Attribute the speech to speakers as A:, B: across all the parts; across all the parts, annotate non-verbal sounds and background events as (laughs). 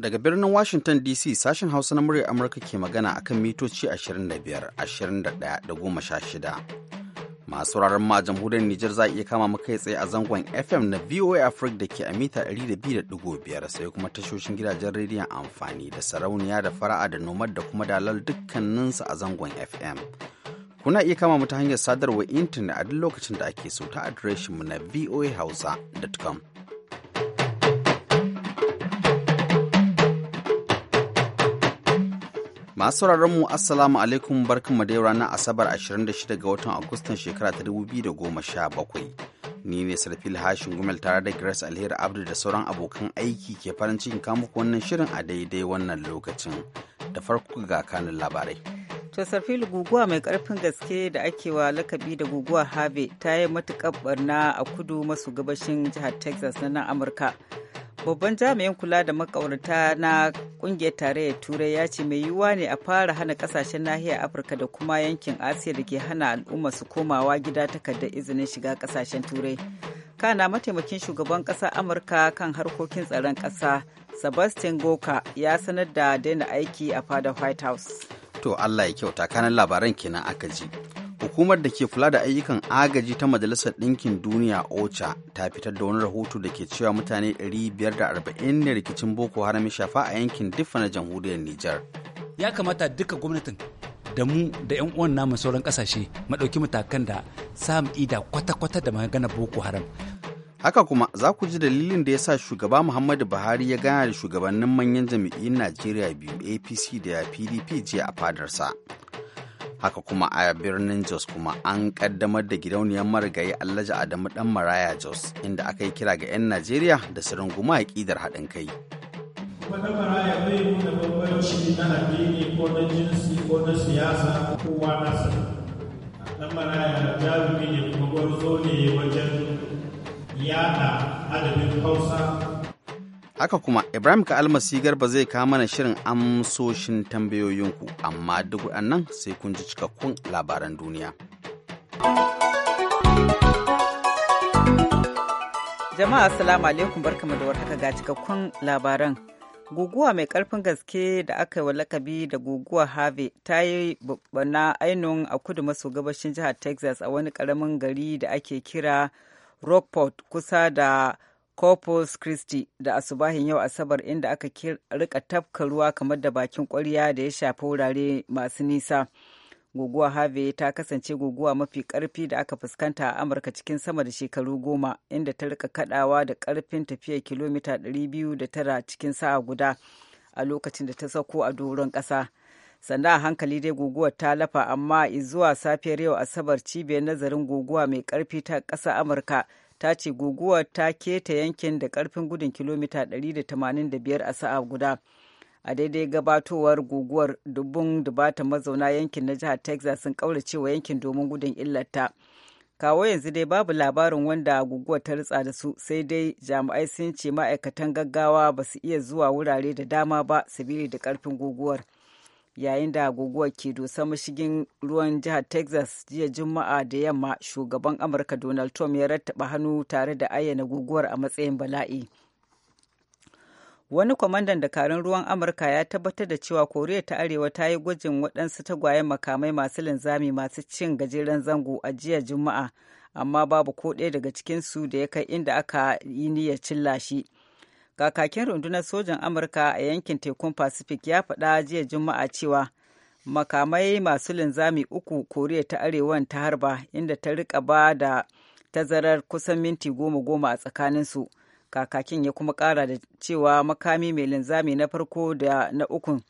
A: Daga birnin Washington DC sashen Hausa na muryar Amurka ke magana akan mitoci 25, 21 da 16. Masu wuraren ma jamhuriyar Nijar za a iya kama kai tsaye a zangon FM na VOA Africa da ke a mita 200.5 sai kuma tashoshin gidajen rediyon amfani da sarauniya da fara'a da nomad da kuma dalal dukkaninsu a zangon FM. Kuna iya kama mu ta hanyar sadarwar intanet a duk lokacin da ake so ta adireshinmu na voahausa.com. Masu sauraron mu Assalamu alaikum barkan mu da ranar Asabar 26 ga watan Agustan shekara ta 2017. Ni ne Sarfil Hashin Gumel tare da Grace Alheri Abdu da sauran abokan aiki ke farin cikin kamuku wannan shirin a daidai wannan lokacin. Da farko ga kanin labarai.
B: To sarfil guguwa mai karfin gaske da ake wa lakabi da guguwa habe ta yi matukar barna a kudu maso gabashin jihar Texas na nan Amurka. babban jami'in kula da makaurata na kungiyar tarayyar turai ya ce mai yiwuwa ne a fara hana kasashen nahiyar afirka da kuma yankin asiya da ke hana al'umma su komawa gida takardar izinin shiga kasashen turai kana mataimakin shugaban ƙasa amurka kan harkokin tsaron ƙasa sebastian goka ya sanar da daina aiki a fadar white house
A: to allah ya kyauta kanan labaran kenan aka ji hukumar da ke kula da ayyukan agaji ta majalisar ɗinkin duniya ocha ta fitar da wani rahoto da ke cewa mutane 540 ne rikicin boko haram shafa a yankin diffa na jamhuriyar nijar
C: ya kamata duka gwamnatin da mu da 'yan uwan namu sauran kasashe ɗauki matakan da sam ida kwata-kwata da magana boko haram haka kuma za ku ji dalilin da ya
A: sa shugaba muhammadu buhari ya gana da shugabannin manyan jami'in najeriya biyu apc da pdp jiya a fadarsa haka kuma a birnin jos kuma an kaddamar da gidauniyar marigayi allaja adamu dan maraya jos inda aka yi kira ga 'yan najeriya da su runguma a kidar haɗin kai
D: wata maraya da nuna bambanci na
E: addini ko na jinsi ko na siyasa kowa nasa dan maraya jarumi ne kuma gwarzo ne wajen yada adabin hausa
A: Haka kuma Ibrahim almasi Garba zai kawo mana shirin amsoshin tambayoyinku, amma duk waɗannan sai kun ji cikakkun labaran duniya.
B: Jama'a Assalamu alaikum barkamu da warhaka ga cikakkun labaran. Guguwa mai karfin gaske da aka yi wa lakabi da guguwa Harvey ta yi bana ainun a kudu maso gabashin jihar Texas a wani karamin gari da ake kira Rockport kusa da corpus christi da asubahin yau asabar inda aka rika tafka ruwa kamar da bakin kwarya da ya shafi wurare masu nisa guguwa harvey ta kasance guguwa mafi karfi da aka fuskanta a amurka cikin sama da shekaru goma inda ta rika kadawa da karfin tafiya kilomita 209 cikin sa'a guda a lokacin da ta sauko a doron ƙasa. sanda a hankali dai guguwa ta lafa amma zuwa safiyar yau asabar cibiyar nazarin guguwa mai ƙarfi ta ƙasa amurka ta ce guguwar ta keta yankin da karfin gudun kilomita 185 a sa'a guda a daidai gabatowar guguwar dubun dubata mazauna yankin na jihar texas sun wa yankin domin gudun illarta kawo yanzu dai babu labarin wanda guguwar ta ritsa da su sai dai jami'ai sun ce ma'aikatan gaggawa ba su iya zuwa wurare da dama ba sabili da karfin guguwar. yayin da guguwar ke dosa, mashigin ruwan jihar texas jiya juma'a da yamma shugaban amurka donald trump ya rattaba hannu tare da ayyana guguwar a matsayin bala'i wani kwamandan dakarun ruwan amurka ya tabbatar da cewa koriya ta arewa ta yi gwajin waɗansu tagwayen makamai masu linzami masu cin gajeren zango a jiya juma'a amma babu ko ɗaya daga cikinsu da ya kai inda aka yi niyyar cin shi kakakin rundunar sojan amurka a yankin tekun pacific ya faɗa jiya juma'a cewa makamai masu linzami uku koriya ta arewan ta harba inda ta rika ba da tazarar kusan minti goma goma a tsakaninsu kakakin ya kuma ƙara da cewa makami mai linzami na farko da na ukun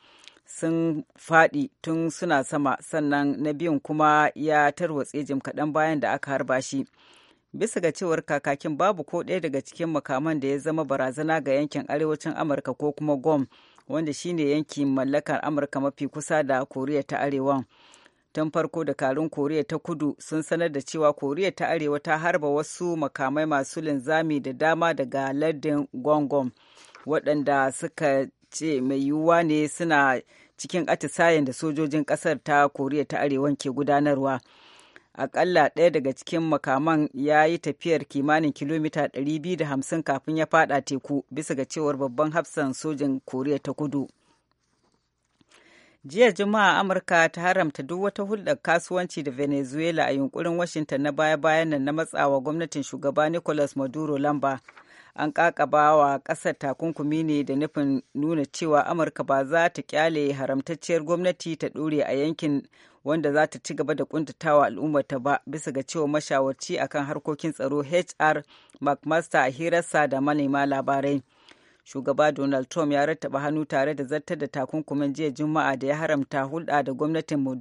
B: sun faɗi tun suna sama sannan na biyun kuma ya tarwatse jim kaɗan bayan da aka harba shi bisa ga cewar kakakin babu ko ɗaya daga cikin makaman da ya zama barazana ga yankin arewacin amurka ko kuma gom wanda shine yankin mallakar amurka mafi kusa da koriya ta arewa tun farko dakarun koriya ta kudu sun sanar da cewa koriya ta arewa ta harba wasu makamai masu linzami da dama daga lardin gongom waɗanda suka ce mai yiwuwa ne suna cikin atisayen da sojojin ƙasar ta koriya ta arewa ke gudanarwa akalla ɗaya daga cikin makaman ya yi tafiyar kimanin kilomita 250 kafin ya fada teku bisa ga cewar babban hafsan sojin koriya ta kudu jiya juma'a amurka ta haramta duk wata hulɗar kasuwanci da venezuela a yunkurin washington na baya-bayan nan na matsawa gwamnatin shugaba nicolas maduro lamba an kakaba wa ƙasar takunkumi ne da nufin nuna cewa amurka ba za ta kyale haramtacciyar gwamnati ta ɗore a yankin wanda za ta ci gaba da kuntatawa al'ummarta ba bisa ga cewa mashawarci akan harkokin tsaro hr mcmaster a hirarsa da manema labarai shugaba donald trump ya rattaba hannu tare da zartar da takunkumin jiya juma'a da ya haramta hulɗa da gwamnatin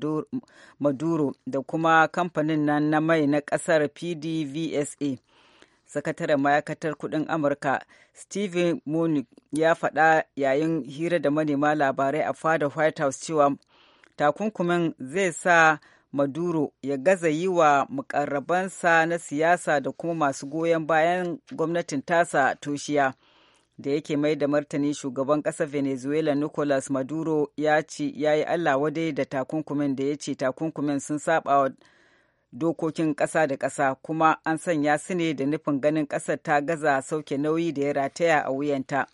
B: maduro da kuma kamfanin nan na mai na ƙasar pdvsa sakataren ma'aikatar kuɗin amurka steven munich ya faɗa yayin hira da manema labarai a fada white house cewa takunkumin zai sa maduro ya gaza yi wa mukarrabansa na siyasa da kuma masu goyon bayan gwamnatin tasa toshiya da yake mai da martani shugaban ƙasar venezuela nicolas maduro ya ce ya yi allah wadai da takunkumin da ya ce takunkumin sun saba wa dokokin ƙasa da ƙasa kuma an sanya su ne da nufin ganin ƙasar ta gaza sauke nauyi da ya rataya a wuyanta.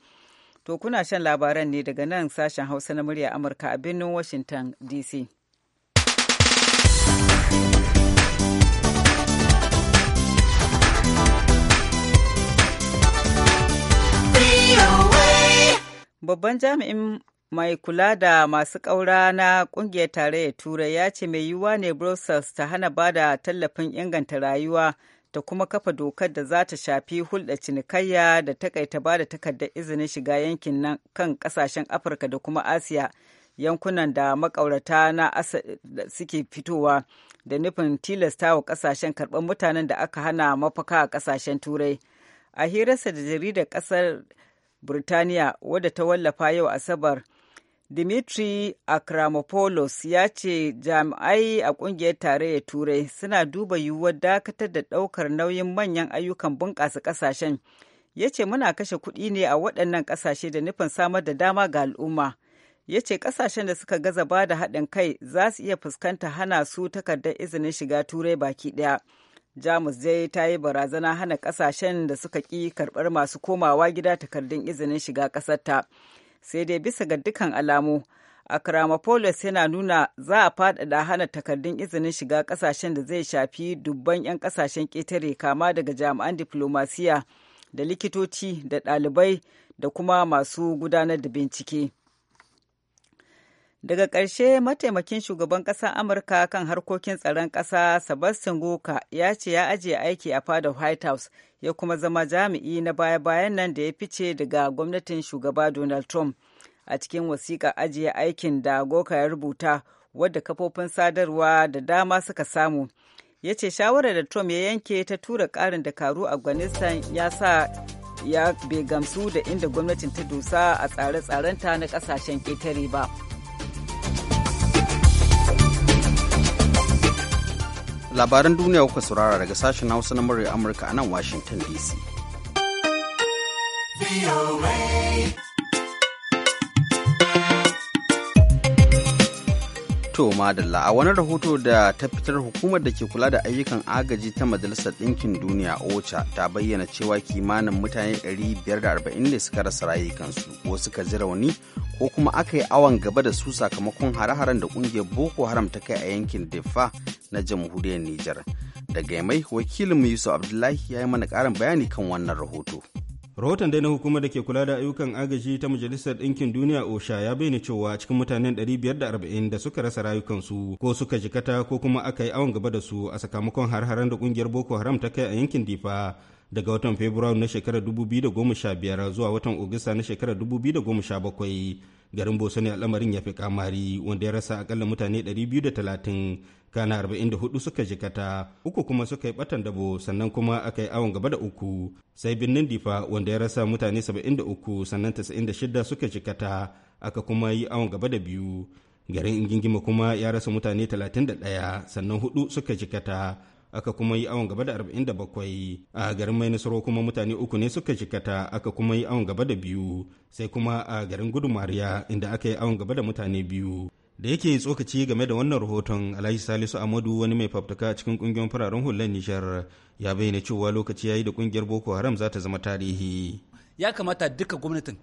B: To kuna shan labaran ne daga nan sashen Hausa na murya Amurka a birnin Washington DC. Babban jami'in mai kula da masu ƙaura na ƙungiyar tarayyar Turai ya ce mai yiwuwa ne Brussels ta hana bada tallafin inganta rayuwa ta kuma kafa dokar da za ta shafi hulɗa cinikayya da takaita ba da takardar izinin shiga yankin nan kan ƙasashen afirka da kuma asiya yankunan da makaurata na suke fitowa da nufin tilasta wa ƙasashen karɓar mutanen da aka hana mafaka a ƙasashen turai a hirarsa da jaridar ƙasar Burtaniya wadda ta wallafa yau Asabar Dimitri Akramopoulos ya ce jami'ai a ƙungiyar tarayyar Turai suna duba yiwuwar dakatar da ɗaukar nauyin manyan ayyukan bunƙasa ƙasashen. Ya ce muna kashe kuɗi ne a waɗannan ƙasashe da nufin samar da dama ga al'umma. Ya ce ƙasashen da suka gaza ba da haɗin kai za su iya fuskanta hana su takardar izinin shiga Turai baki ɗaya. Jamus dai ta yi barazana hana ƙasashen da suka ƙi karɓar masu komawa gida takardun izinin shiga ƙasarta. sai dai bisa ga dukkan alamu Akramopoulos yana nuna za a faɗaɗa hana takardun izinin shiga ƙasashen da zai shafi dubban 'yan ƙasashen ƙetare kama daga jami'an diflomasiya da likitoci da ɗalibai da kuma masu gudanar da bincike. daga ƙarshe mataimakin shugaban ƙasar amurka kan harkokin tsaron ƙasa sebastian guka ya ce ya ajiye aiki a fadar white house ya kuma zama jami'i na baya-bayan nan da ya fice daga gwamnatin shugaba donald trump a cikin wasiƙa ajiye aikin da goka ya rubuta wadda kafofin sadarwa da dama suka samu ya ce shawarar da trump ya yanke ta tura ƙarin dakaru afghanistan ya sa ya bai gamsu da inda gwamnatin ta dusa a tsare-tsarenta na ƙasashen ƙetare ba.
A: labaran duniya kuka saurara daga sashen hausa na murya amurka a nan washington dc To madalla a wani rahoto da ta fitar hukumar da ke kula da ayyukan agaji ta Majalisar Ɗinkin Duniya OCHA ta bayyana cewa kimanin mutane 540 ne suka rasa rayukansu ko suka ji rauni ko kuma aka yi awon gaba da su sakamakon hare-haren da ƙungiyar Boko Haram ta kai a yankin Defa na jamhuriyar Nijar. Daga mai wakilin Yusuf Abdullahi ya yi mana ƙarin bayani kan wannan rahoto. rahoton dai na hukumar
E: da ke kula da ayyukan agaji ta majalisar ɗinkin duniya osha ya bayyana cewa cikin mutanen 540 da suka rasa rayukansu ko suka jikata ko kuma aka yi awon gaba da su a sakamakon har-haren da ƙungiyar boko haram ta kai a yankin difa daga watan fabrairu na shekarar 2015 zuwa watan Ogista na shekarar 2017 garin boso ne al'amarin ya fi kamari wanda ya rasa akalla mutane 230 kana 44 suka jikata uku kuma suka yi batan dabo sannan kuma aka yi awon gaba da uku sai birnin difa wanda ya rasa mutane 73 sannan 96 suka jikata aka kuma yi awon gaba da biyu garin ingingima kuma ya rasa mutane 31 sannan hudu suka jikata aka kuma yi awon gaba da 47 a garin mai kuma mutane uku ne suka jikata aka kuma yi awon gaba da biyu sai kuma a garin gudu mariya inda aka yi awon gaba da mutane biyu da yake tsokaci game da wannan rahoton alhaji salisu amadu wani mai fafutuka cikin kungiyar fararen hular nijar ya bayyana cewa lokaci ya yi da kungiyar boko haram za ta zama tarihi ya kamata
C: duka gwamnatin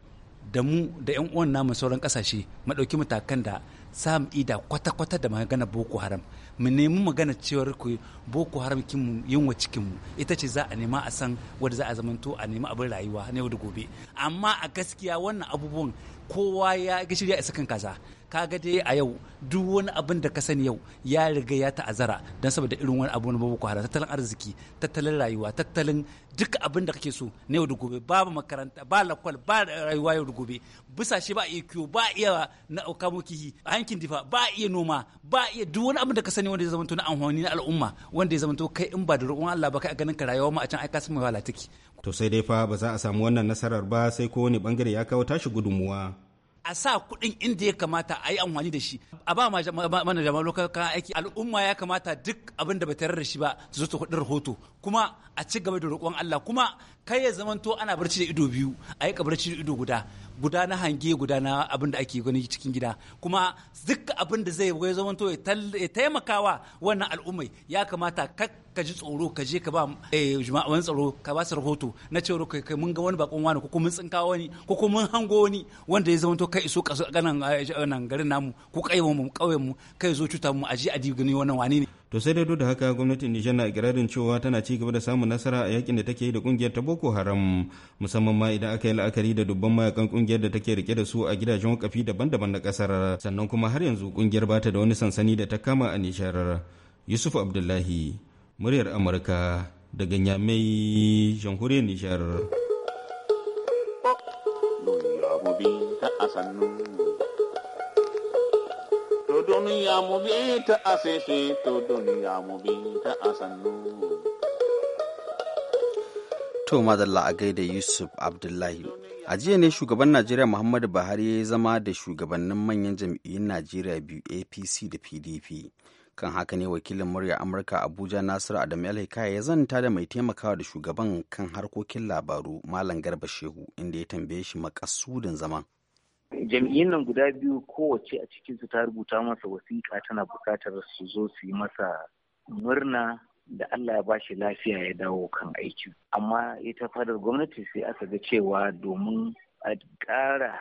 C: da mu da yan uwan namu sauran kasashe madauki matakan da sam ida kwata-kwata da magana boko haram mu nemi magana cewar ku boko haram kinmu yunwa mu ita ce za a nema a san wanda za a zamanto a nemi abin rayuwa na yau da gobe amma a gaskiya wannan abubuwan kowa ya gishiri a isa kan kaza kaga dai a yau duk wani abin da ka sani yau ya riga ya ta'azara don saboda irin wani abu na boko haram tattalin arziki tattalin rayuwa tattalin duka abin da kake so na yau da gobe babu makaranta ba lakwal ba rayuwa yau da gobe bisa shi ba iya kiyo ba iya na kamo kihi hankin difa ba iya noma ba iya duk wani abin da ka sani wanda ya zamanto na amfani na al'umma wanda ya zama kai in ba da roƙon Allah ba kai a ganin ka rayuwa ma a can ai ka wala mai
E: to sai dai fa ba za a samu wannan nasarar ba sai ko wani bangare ya kawo tashi gudunmuwa
C: a sa kuɗin inda ya kamata a yi amfani da shi a ba mana jama'a lokacin aiki al'umma ya kamata duk abin da ba tarar da shi ba su zo ta kuɗin rahoto kuma a ci gaba da roƙon Allah kuma kai ya zamanto ana barci da ido biyu a yi kabarci da ido guda guda na hange guda na abin da ake gani cikin gida kuma duk abin da zai zamanto ya taimakawa wannan al'ummai ya kamata ka ji tsoro ka je ka ba eh, jima'a tsaro ka ba su rahoto na cewa kai mun ga wani bakon wani ko kuma mun tsinka wani ko mun hango wani wanda ya zama to kai iso kaso eh, nan garin namu ko kaiwa mu kauyen mu kai zo cuta mu aje a digini wannan wani ne
E: to sai dai da haka gwamnatin Nijar na ikirarin cewa tana ci gaba da samun nasara a yakin da take yi da kungiyar ta Boko Haram musamman ma idan aka yi la'akari da dubban mayakan kungiyar da take rike da su a gidajen wakafi daban-daban na kasar sannan kuma har yanzu kungiyar bata da wani sansani da ta kama a Nijar Yusuf Abdullahi muryar amurka daga nyamai jamhuriyar nishar to
D: duniya mu bi ta asese to duniya mu bi ta asannu
A: to madalla a gaida yusuf abdullahi a jiya ne shugaban najeriya muhammadu buhari ya zama da shugabannin manyan jam'iyyun najeriya biyu apc da pdp kan haka ne wakilin murya amurka abuja nasiru adam alhikaya ya zanta da mai taimakawa da shugaban kan harkokin labaru malam garba shehu inda ya tambaye shi makasudin zama.
F: jam'iyyun nan guda biyu kowace a cikinsu ta rubuta masa wasiƙa tana buƙatar su zo su yi masa murna da Allah ya bashi lafiya ya dawo kan aiki. Amma ita fadar gwamnati sai aka ga cewa domin a ƙara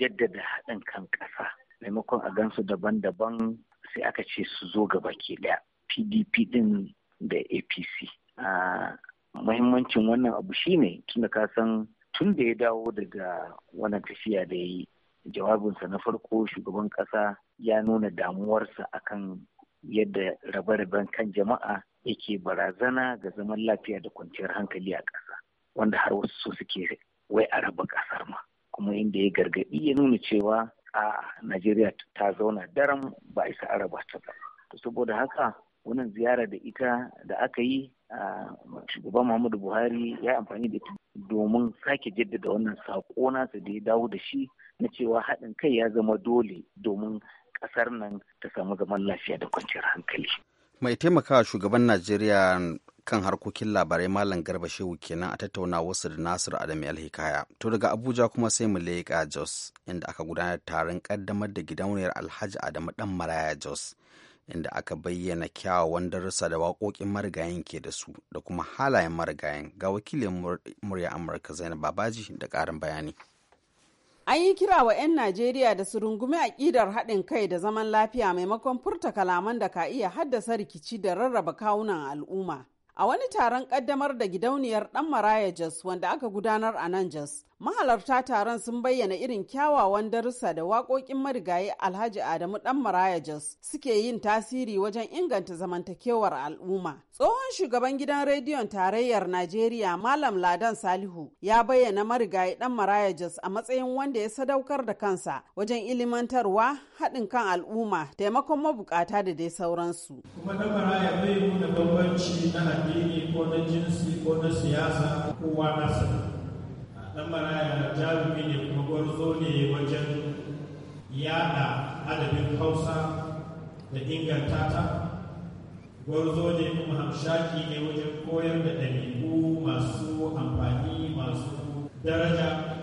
F: jaddada haɗin kan ƙasa maimakon a gansu daban-daban sai aka ce su zo gaba ke ɗaya PDP ɗin da APC. Muhimmancin wannan abu shine tunda ka san tun da ya dawo daga wannan tafiya da ya yi jawabinsa na farko shugaban ƙasa ya nuna damuwarsa akan yadda rabe-raben kan jama'a yake barazana ga zaman lafiya da kwanciyar hankali a ƙasa wanda har wasu so suke wai a raba ƙasar ma kuma inda ya gargaɗi ya nuna cewa a Najeriya ta zauna daram ba a isa a ta ba to saboda haka wannan ziyara da ita da aka yi shugaban Muhammadu Buhari ya yi amfani da ita domin sake jaddada wannan saƙo nasa da ya dawo da shi na cewa haɗin kai ya zama dole domin ƙasar nan ta samu zaman lafiya da kwanciyar hankali.
A: mai taimakawa shugaban najeriya kan harkokin labarai malam garba shehu kenan a tattauna wasu da nasiru adamu alhikaya to daga abuja kuma sai mu leƙa jos inda aka gudanar taron kaddamar da gidauniyar alhaji adamu dan maraya jos inda aka bayyana kyawawan darussa da waƙoƙin marigayen ke da su da kuma halayen marigayen ga wakilin murya amurka zainab babaji da ƙarin bayani
G: An yi kira wa 'yan Najeriya da su rungumi aƙidar haɗin kai da zaman lafiya maimakon furta kalaman da ka iya haddasa rikici da rarraba kawunan al'umma. A wani taron kaddamar da gidauniyar ɗan Maraya Jos wanda aka gudanar a nan Jos, mahalarta taron sun bayyana irin kyawawan darussa da waƙoƙin marigayi Alhaji Adamu ɗan Maraya Jos suke yin tasiri wajen inganta zamantakewar al'umma. Tsohon shugaban gidan rediyon tarayyar Najeriya Malam Ladan Salihu ya bayyana marigayi ɗan Maraya Jos a matsayin wanda ya sadaukar da kansa wajen ilimantarwa, haɗin kan al'umma, taimakon mabukata da dai sauransu.
E: addini ko na jinsi ko na siyasa kowa nasa dan maraya jarumi ne kuma gwarzo ne wajen yada adabin hausa da inganta ta gwarzo ne kuma hamshaki ne wajen
D: koyar da ɗabi'u masu amfani masu daraja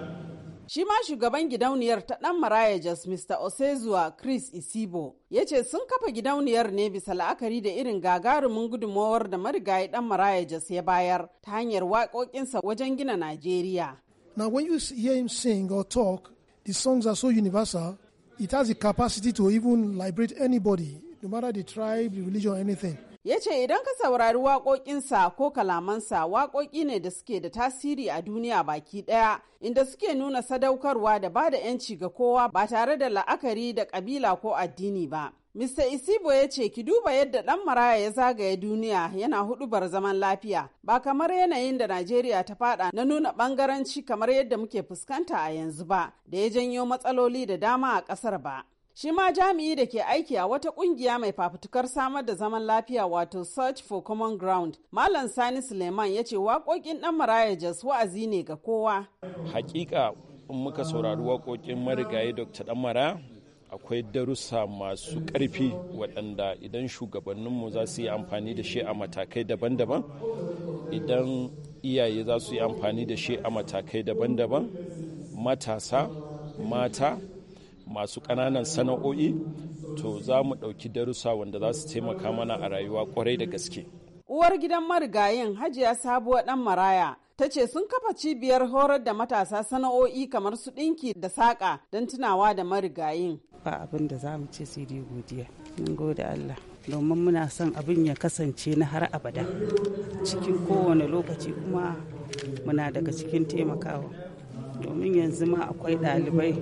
G: Shi ma shugaban gidauniyar ta ɗan Maraya Jos Mr. Osezuwa Chris Isibo ya ce sun kafa gidauniyar ne bisa la'akari da irin gagarumin gudunmawar da marigayi ɗan Maraya Jos ya bayar ta hanyar waƙoƙinsa wajen gina Najeriya. Now when you hear
D: him sing or talk, the songs are so universal, it has the capacity to even liberate anybody, no matter the tribe, the religion, anything.
G: ya ce idan ka saurari waƙoƙinsa ko kalamansa waƙoƙi ne da suke da tasiri a duniya baki ɗaya inda suke nuna sadaukarwa da ba da 'yanci ga kowa ba tare da la'akari da ƙabila ko addini ba. Mr. Isibo ya ce ki duba yadda ɗan maraya ya zagaya duniya yana hudubar zaman lafiya ba kamar yanayin da Najeriya ta fada na nuna ɓangaranci kamar yadda muke fuskanta a yanzu ba da ya janyo matsaloli da dama a ƙasar ba. Shi ma jami'i da ke aiki a wata kungiya mai fafutukar samar da zaman lafiya wato Search for Common Ground, Malam Sani Suleiman ya ce waƙoƙin ɗan Maraya Jas wa'azi ne ga kowa.
D: haƙiƙa
E: in muka saurari waƙoƙin marigayi Dr. ɗan Maraya akwai darussa masu ƙarfi waɗanda idan shugabanninmu za su yi amfani da shi a matakai daban-daban idan iyaye za su yi amfani da shi a matakai daban-daban matasa mata masu ƙananan sana'o'i to za mu ɗauki darussa wanda za su taimaka mana a rayuwa kwarai da gaske.
G: Uwar gidan marigayin Hajiya Sabuwa ɗan Maraya ta ce sun kafa cibiyar horar da matasa sana'o'i kamar su ɗinki da saƙa don tunawa da marigayin. Ba abin da za mu ce sai dai godiya. Mun gode Allah. Domin muna son abin ya kasance na har abada cikin kowane lokaci kuma muna daga cikin taimakawa. Domin yanzu ma akwai ɗalibai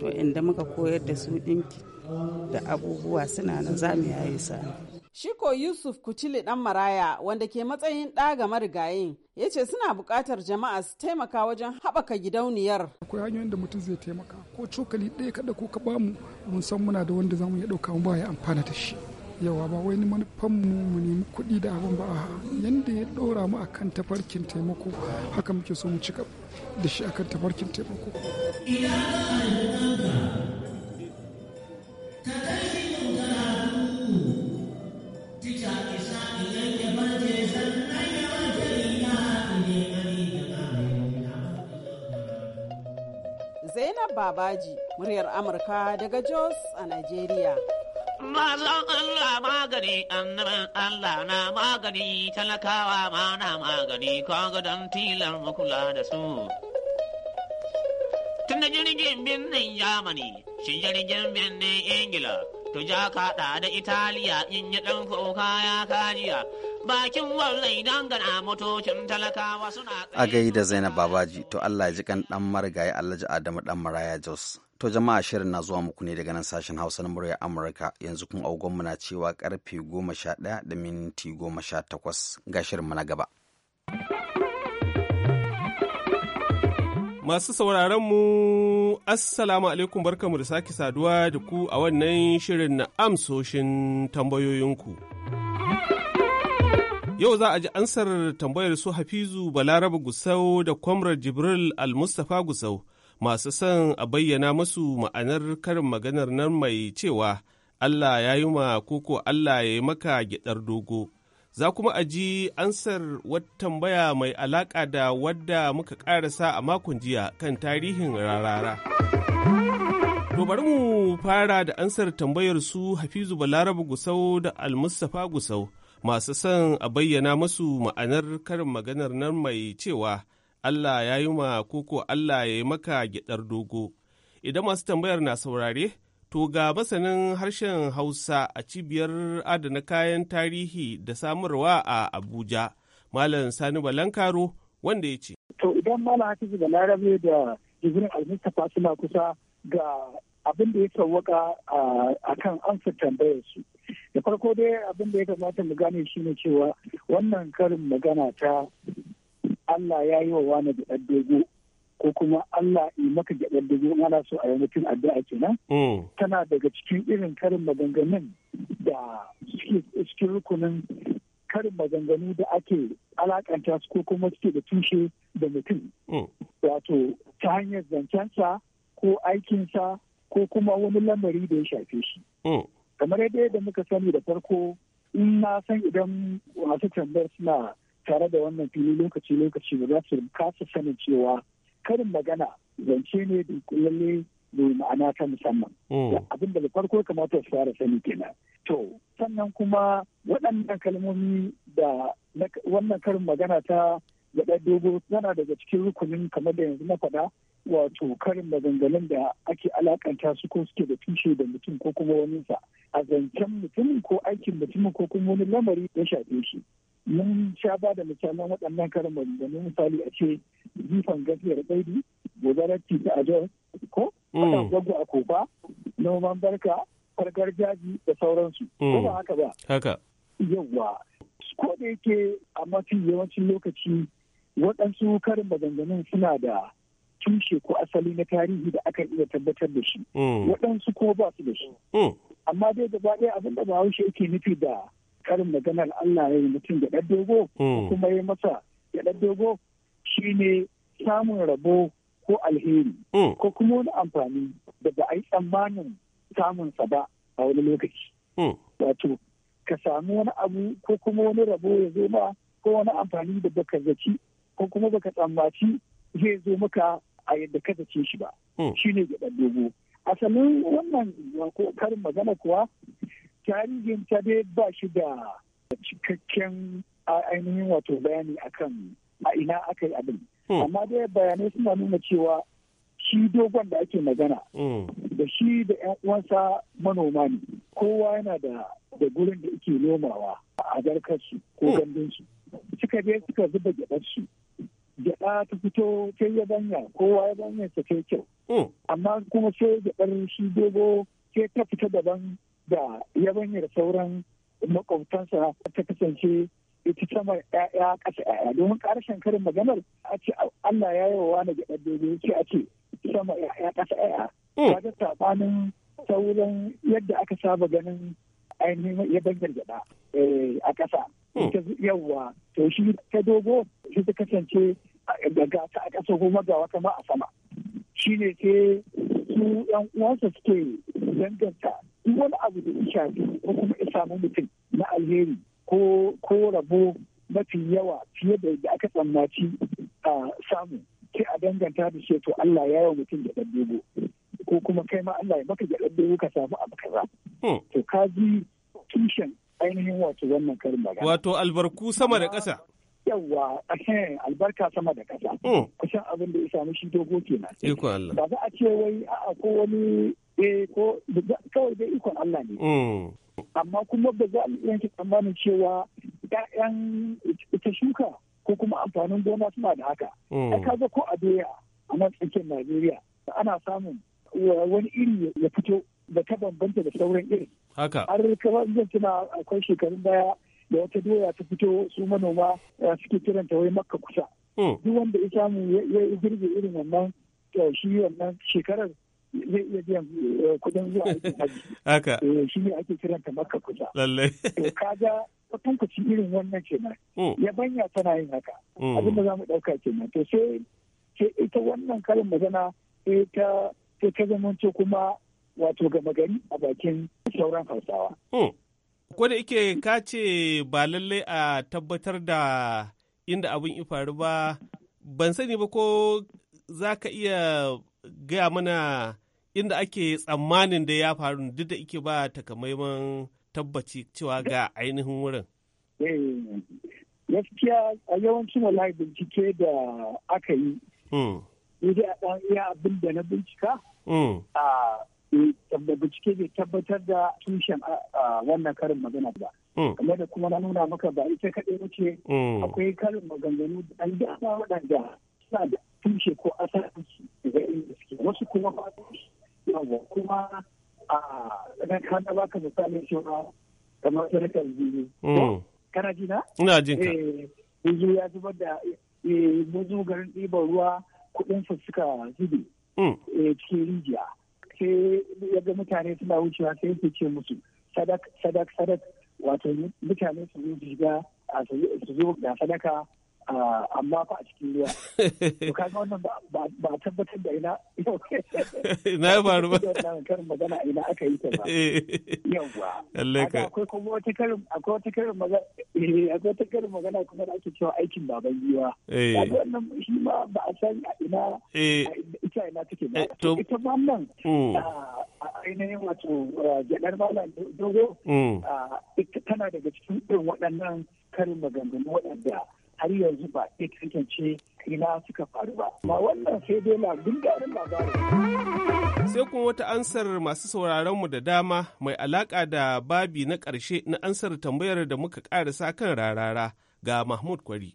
G: to inda muka koyar da su ɗinki da abubuwa suna za mu yayi sani Shiko Yusuf Kucili dan Maraya wanda ke matsayin ɗa ga marigayin ya ce suna buƙatar jama'a su taimaka wajen haɓaka gidauniyar.
C: Akwai hanyoyin da mutum zai taimaka ko cokali ɗaya kaɗa ko ka bamu mun san muna da wanda zamu ya ɗauka mu ba ya amfana da shi. yawa ba wani manufan mu mu nemi kuɗi da abin ba yadda ya ɗora mu akan tafarkin taimako haka muke so mu cika da shi akan tafarkin
B: taimako
G: Zainab Babaji, muryar Amurka daga Jos a Najeriya.
D: Mazan Allah magani, annaban Allah na magani, talakawa ma na magani, kaga don tilar makula da su. Tun da jirgin birnin Yamani, shi jirgin birnin Ingila, to ja kaɗa da Italiya in yi ɗan kuka ya kajiya. Bakin wallai dangana motocin talakawa suna
A: A gaida Zainab Babaji, to Allah ji kan ɗan marigayi ji Adamu ɗan Maraya Jos. To jama'a shirin na zuwa muku ne daga nan sashen Hausa na murya Amurka yanzu kun augon muna cewa karfe goma sha ɗaya da minti goma sha takwas ga shirin na gaba.
D: Masu sauraron mu Assalamu alaikum barkamu da sake saduwa da ku a wannan shirin na amsoshin tambayoyinku. Yau za a ji ansar tambayar su Hafizu balaraba Gusau da Kwamrar Jibril Al-Mustapha Gusau. masu son a bayyana musu ma'anar karin maganar nan mai cewa Allah ya yi ma koko Allah ya yi maka gyaɗar dogo. Za kuma a ji ansar wata tambaya mai alaƙa da wadda muka ƙarasa a makon jiya kan tarihin rarara. To mu fara da ansar tambayar su Hafizu Balarabu Gusau da Almustapha Gusau masu son a bayyana masu ma'anar karin maganar nan mai cewa Allah ya yi ma koko Allah ya yi maka gyaɗar dogo. Idan masu tambayar na saurare, to ga masanin harshen Hausa a cibiyar adana kayan tarihi da samarwa a Abuja, Malam Sani Balankaro wanda ya ce.
H: To idan Malam Hafizu da Larabe da Jibrin Almustapha suna kusa ga abin da ya sauwaka a kan amsa tambayar su. Da farko dai abin da ya kamata mu gane shi ne cewa wannan karin magana ta Allah ya yi wa wani da dogo ko kuma Allah yi maka gyaɗar dogo ana so a yi mutum addu'a kenan. Hmm. Tana daga cikin irin karin maganganun da cikin rukunin karin maganganu da ake alakanta su ko kuma suke da tushe da mutum. Hmm. Wato ta hanyar zancensa ko aikinsa ko kuma wani lamari da ya shafe shi. Hmm. Kamar yadda muka sani da farko in na san idan wasu tambayar suna tare da wannan fili lokaci lokaci ba za su kasa sanin cewa karin magana zance ne da kullum mai ma'ana ta musamman. Hmm. Abin da farko kamata su fara sani kenan. To, sannan kuma waɗannan kalmomi da wannan karin magana ta gaɗa dogo yana daga cikin rukunin kamar da yanzu na faɗa wato karin maganganun da ake alakanta su ko suke da tushe da mutum ko kuma waninsa a zancen mutumin ko aikin mutumin ko kuma wani lamari ya shafe shi. mun sha ba da misalan waɗannan karin maganganu misali a ce jifan gafiyar baidi gobarar titi a jos
D: ko mm. gwaggo
H: a kofa noman barka fargar jaji da sauransu ko mm. ba haka ba haka yawa ko da yake a mafi yawancin lokaci waɗansu karin maganganun suna da tushe ko asali na tarihi da aka iya tabbatar da shi mm. waɗansu ko ba su da shi amma dai gaba ɗaya abin da bahaushe yake nufi da karin maganar Allah ya yi mutum da dogo hmm. kuma ya masa da dogo ne samun rabo ko alheri hmm. ko kuma wani amfani daga ba a yi tsammanin samunsa ba a wani lokaci. Hmm. Wato, ka sami wani abu ko kuma wani rabo ya zo ma ko wani amfani da baka zaci ko kuma baka tsammaci zai zo maka a yadda ka zace shi ba. Shi ne ɗan dogo. Asalin wannan karin magana kuwa tarihin ta dai ba shi da cikakken ainihin wato bayani akan a ina aka yi abin hmm. amma dai bayanai suna nuna cewa shi dogon da ake magana hmm. da shi da yan uwansa manoma ne kowa yana da da gurin da ake nomawa a garkarsu ko hmm. gandunsu suka je suka zuba gyaɗarsu gyaɗa ta fito sai ya banya kowa ya banya ta kai kyau amma kuma sai gyaɗar shi dogo sai ta fita daban da ya da sauran makwabtansa ta kasance ita sama ya'ya ƙasa ya'ya domin karshen karin maganar a ce Allah ya yi wa wani gyaɗar dodo sai a ce sama ya'ya ƙasa ya'ya. Wajen hmm. sabanin sauran yadda aka saba ganin ainihin yabanyar gyaɗa eh, a ƙasa. Hmm. Yawwa to shi ta dogo shi ta kasance da gasa a ƙasa kuma ga wata ma a sama. Shi ne sai su 'yan uwansa suke danganta duk wani abu da ya shafi ko kuma ya samu mutum na alheri ko rabo mafi yawa fiye da yadda aka tsammaci a samu ke a danganta da shi to Allah ya yi mutum da dogo ko kuma kai ma Allah ya maka da dogo ka samu abu kaza hmm. to ka ji tushen ainihin wato wannan karin magana
D: wato albarku sama da ƙasa
H: yawa ahin eh, albarka sama da ƙasa hmm. kusan abin da ya samu shi dogo kenan ba za a ce wai a'a ko wani eh ko kawai dai ikon Allah ne mm. amma kuma ba za a yanke tsammanin cewa yayan ita shuka ko kuma amfanin gona suna da haka mm. A kaga ko a doya a nan tsakiyar Najeriya ana samun wani iri ya fito da ta bambanta da sauran iri haka har kamar zan tuna akwai shekarun baya da wata doya ta fito su manoma eh, suke kiranta wai makka kusa mm. duk wanda ya samu ya girbe irin wannan eh, shi wannan shekarar zai iya biyan eh, kudin zuwa aikin haji.
D: Haka. Eh,
H: shi ne ake kiran ta maka kusa.
D: Lallai. To
H: kaga kwatankwacin irin wannan kenan. Oh. Yabanya tana yin haka. Oh. Abin da za mu ɗauka kenan. To sai ita wannan karin magana ita ta ta zamanto kuma wato gama gari a bakin sauran hausawa.
D: Oh. Ko da ike ka ce ba lallai a tabbatar da inda abin ya faru ba ban sani ba ko za ka iya gaya mana inda ake tsammanin da ya faru duk da ike ba takamaiman tabbaci cewa ga ainihin wurin. Eh, gaskiya
H: a yawancin wallahi bincike da aka yi, hmm. dai a ɗan iya abin da na bincika, da hmm. eh, bincike bai tabbatar da tushen wannan karin magana ba. Hmm. Kamar da kuma na nuna maka ba ita kaɗai wuce akwai karin maganganu da an dama waɗanda suna da tushe ko asalin su ga inda suke wasu kuma ba su yawa kuma a ɗan kana baka misali cewa kamar sadakar jini. Mm. Kana ji na? Ina jin ka. Eh, yanzu ya zubar da yanzu eh, garin ɗiban ruwa kuɗin su suka zube. Mm. Eh, cikin rijiya. Sai yadda mutane suna wucewa sai su ce musu sadak sadak sadak wato mutane su zo shiga su zo da sadaka amma fa a cikin ruwa to kaga wannan ba a tabbatar da ina (laughs) na yi faru ba wannan karin magana ina aka yi ta ba eh. yawwa
D: akwai
H: kuma wata karin akwai wata karin magana eh, akwai wata karin magana kuma da ake cewa aikin baban giwa eh. kaga wannan shi ma ba a san a ina ita ina take ba ita ma nan mm. a ainihin wato gyaɗar malam dogo mm. tana daga cikin irin waɗannan karin maganganu waɗanda har yanzu ba iya tantance ina suka faru ba. Ma wannan sai dai na gundarin
B: labarin.
D: Sai kuma wata ansar masu sauraronmu da dama mai alaƙa da babi na ƙarshe na ansar tambayar da muka ƙarasa kan rarara ga Mahmud Kwari.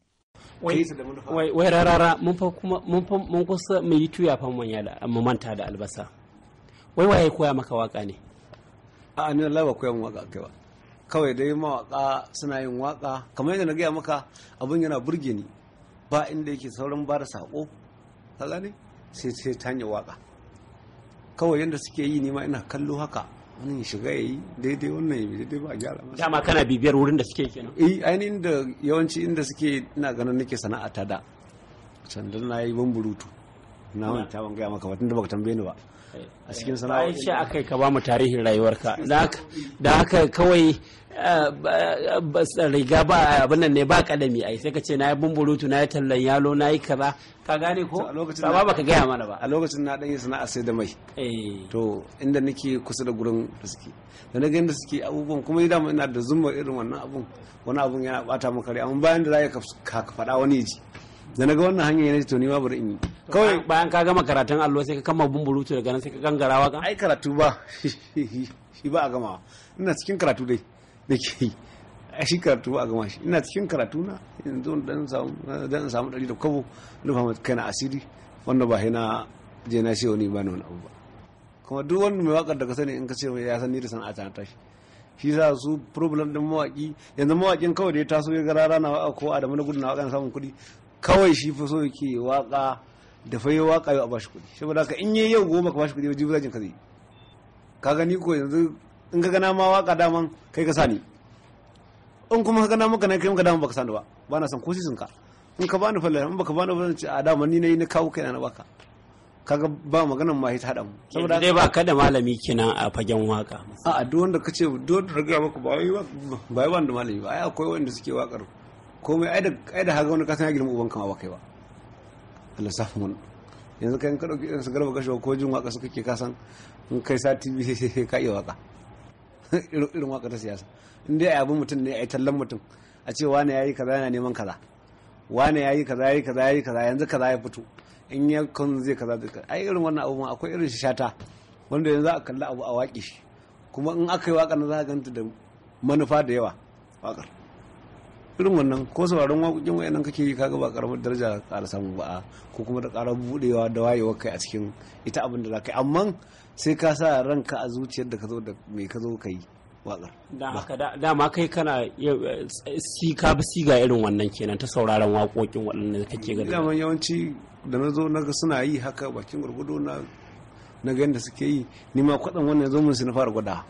C: Wai rarara mun fa mun kusa mai yi tuya fa mun manta da albasa. Wai waye koya maka waka ne? A'a ni Allah ba
I: koya mun waka kai ba. kawai dai mawaka suna yin waka kamar yadda na gaya maka abin yana burge ni ba inda yake sauran ba da saƙo kaga ne sai sai ta hanyar waka kawai yadda suke yi nima ina kallo haka ya shiga ya yi daidai wannan ya daidai ba a gyara masu dama kana bibiyar wurin da suke kenan eh ainihin da yawanci inda suke ina ganin nake sana'a ta da sandan na yi bamburutu na wani ta ban gaya
C: maka ba tun da baka tambaye ni ba a cikin sana'o'i sha aka akai ka ba mu tarihin rayuwarka da haka kawai eh, riga ba abin nan ne ba kadami ai sai ka ce na yi bumburutu na yi tallan yalo na yi kaza ka gane ko ba ba ka gaya mana ba a lokacin
I: na dan yi sana'a sai da mai eh. to inda nake kusa da gurin da suke da na ganin da suke abubuwan kuma yi dama ina da zumma irin wannan abun wani abun yana bata mu kare amma bayan da za ka faɗa wani ji da na ga wannan hanyar yana to ni ma bari in yi kawai bayan ka gama karatun allo sai ka kama bumburutu daga nan sai ka gangara waka ai karatu ba (laughs) shi ba a gama ina cikin karatu dai da ke yi a shi karatu ba a gama shi ina cikin karatu na yanzu dan samu dari da kwabo nufa kai na asiri wanda ba hina je na shi wani ba wani abu ba kuma duk wanda mai wakar da ka sani in ka ce ya san ni da sana'a ta tashi shi sa su problem din mawaki yanzu mawakin kawai da ya taso ya gara rana ko adamu na gudu na wakan samun kuɗi kawai shi fi so yake waka da fa waƙa kayo a bashi kuɗi saboda haka in yayi yau goma ka bashi kuɗi wajibi zajin ka zai ka gani ko yanzu in ka gana ma waka daman kai ka sani in kuma ka gana maka ne kai maka daman baka sani ba ba na san ko sisin ka in ka bani fallar in baka bani fallar ce a daman ni ne na kawo kai na baka kaga ba maganan ma ta hadamu. mu saboda dai ba ka da malami
C: kina a fagen waka a a duk wanda kace
I: duk wanda raga maka ba wai ba wanda malami ba ai akwai wanda suke wakar komai ai da ai da haga wani kasan ya girma uban kama ba kai ba Allah yanzu kai kaɗo dauki su garba kashewa ko jin waka suka ke kasan in kai sati tv ka iya waka (laughs) irin waka ta siyasa in dai abin mutum ne yi tallan mutum a ce wane yi kaza yana neman kaza wane yi kaza yi kaza yi kaza yanzu kaza ya fito in ya kun zai kaza a ai irin wannan abu ma akwai irin shata wanda yanzu a kalli abu a waƙi kuma in aka yi waƙar na za a ganta da manufa da yawa waƙar irin wannan ko sauraron waƙoƙin wayannan kake yi kaga ba karamar daraja ƙara samu ba ko kuma da ƙarar budewa da wayewar kai a cikin ita abin da za ka yi amma sai ka sa ranka a zuciyar da ka zo da me ka zo ka yi
C: waƙar da haka dama kai kana si ka bi siga irin wannan kenan ta sauraron waƙoƙin waɗannan kake gani dama
I: yawanci da na zo na ga suna yi haka bakin gwargwado na na ga yadda suke yi ni ma kwaɗan wannan zo mun su na fara gwada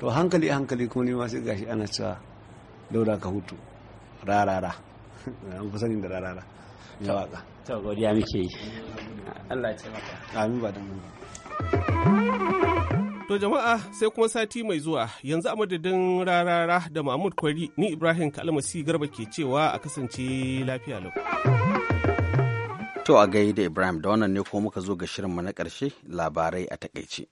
I: to hankali hankali kuma ni ma sai gashi ana cewa dauda ka hutu rarara (laughs)
D: an fi sanin da rarara ya waka ta godiya muke yi Allah ce maka amin ba da To jama'a sai kuma sati mai zuwa yanzu a madadin rarara da Mahmud Kwari ni Ibrahim Kalmasi Garba ke cewa a kasance lafiya lau.
A: To a gai da Ibrahim da wannan ne ko muka zo ga shirinmu na ƙarshe labarai a takaice.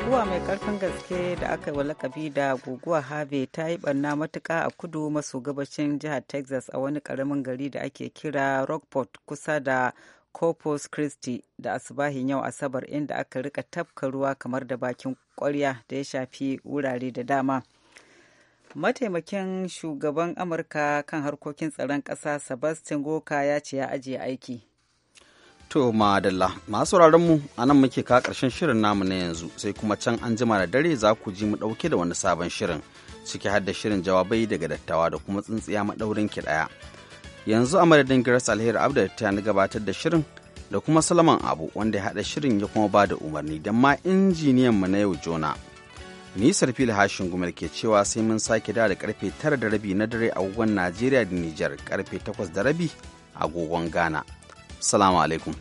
B: guguwa mai karfin gaske da aka wa lakabi da guguwa harvey ta yi barna matuka a kudu maso gabashin jihar texas a wani karamin gari da ake kira rockport kusa da corpus christi da asubahin yau asabar inda aka rika tafka ruwa kamar da bakin kwarya da ya shafi wurare da dama mataimakin shugaban amurka kan harkokin tsaron kasa sebastian goka ya ce ya ajiye aiki
A: To madalla masu mu a nan muke ka ƙarshen shirin namu na yanzu sai kuma can an jima da dare za ku ji mu ɗauke da wani sabon shirin ciki har da shirin jawabai daga dattawa da kuma tsintsiya maɗaurin ki ɗaya. Yanzu a madadin Grace Alheri Abdul ta na gabatar da shirin da kuma Salaman Abu wanda ya haɗa shirin ya kuma ba da umarni don ma injiniyan mu na yau Jona. Ni Sarfil Hashin Gumel ke cewa sai mun sake da karfe tara da rabi na dare a agogon Najeriya da Nijar karfe takwas da rabi agogon Ghana. Salamu alaikum.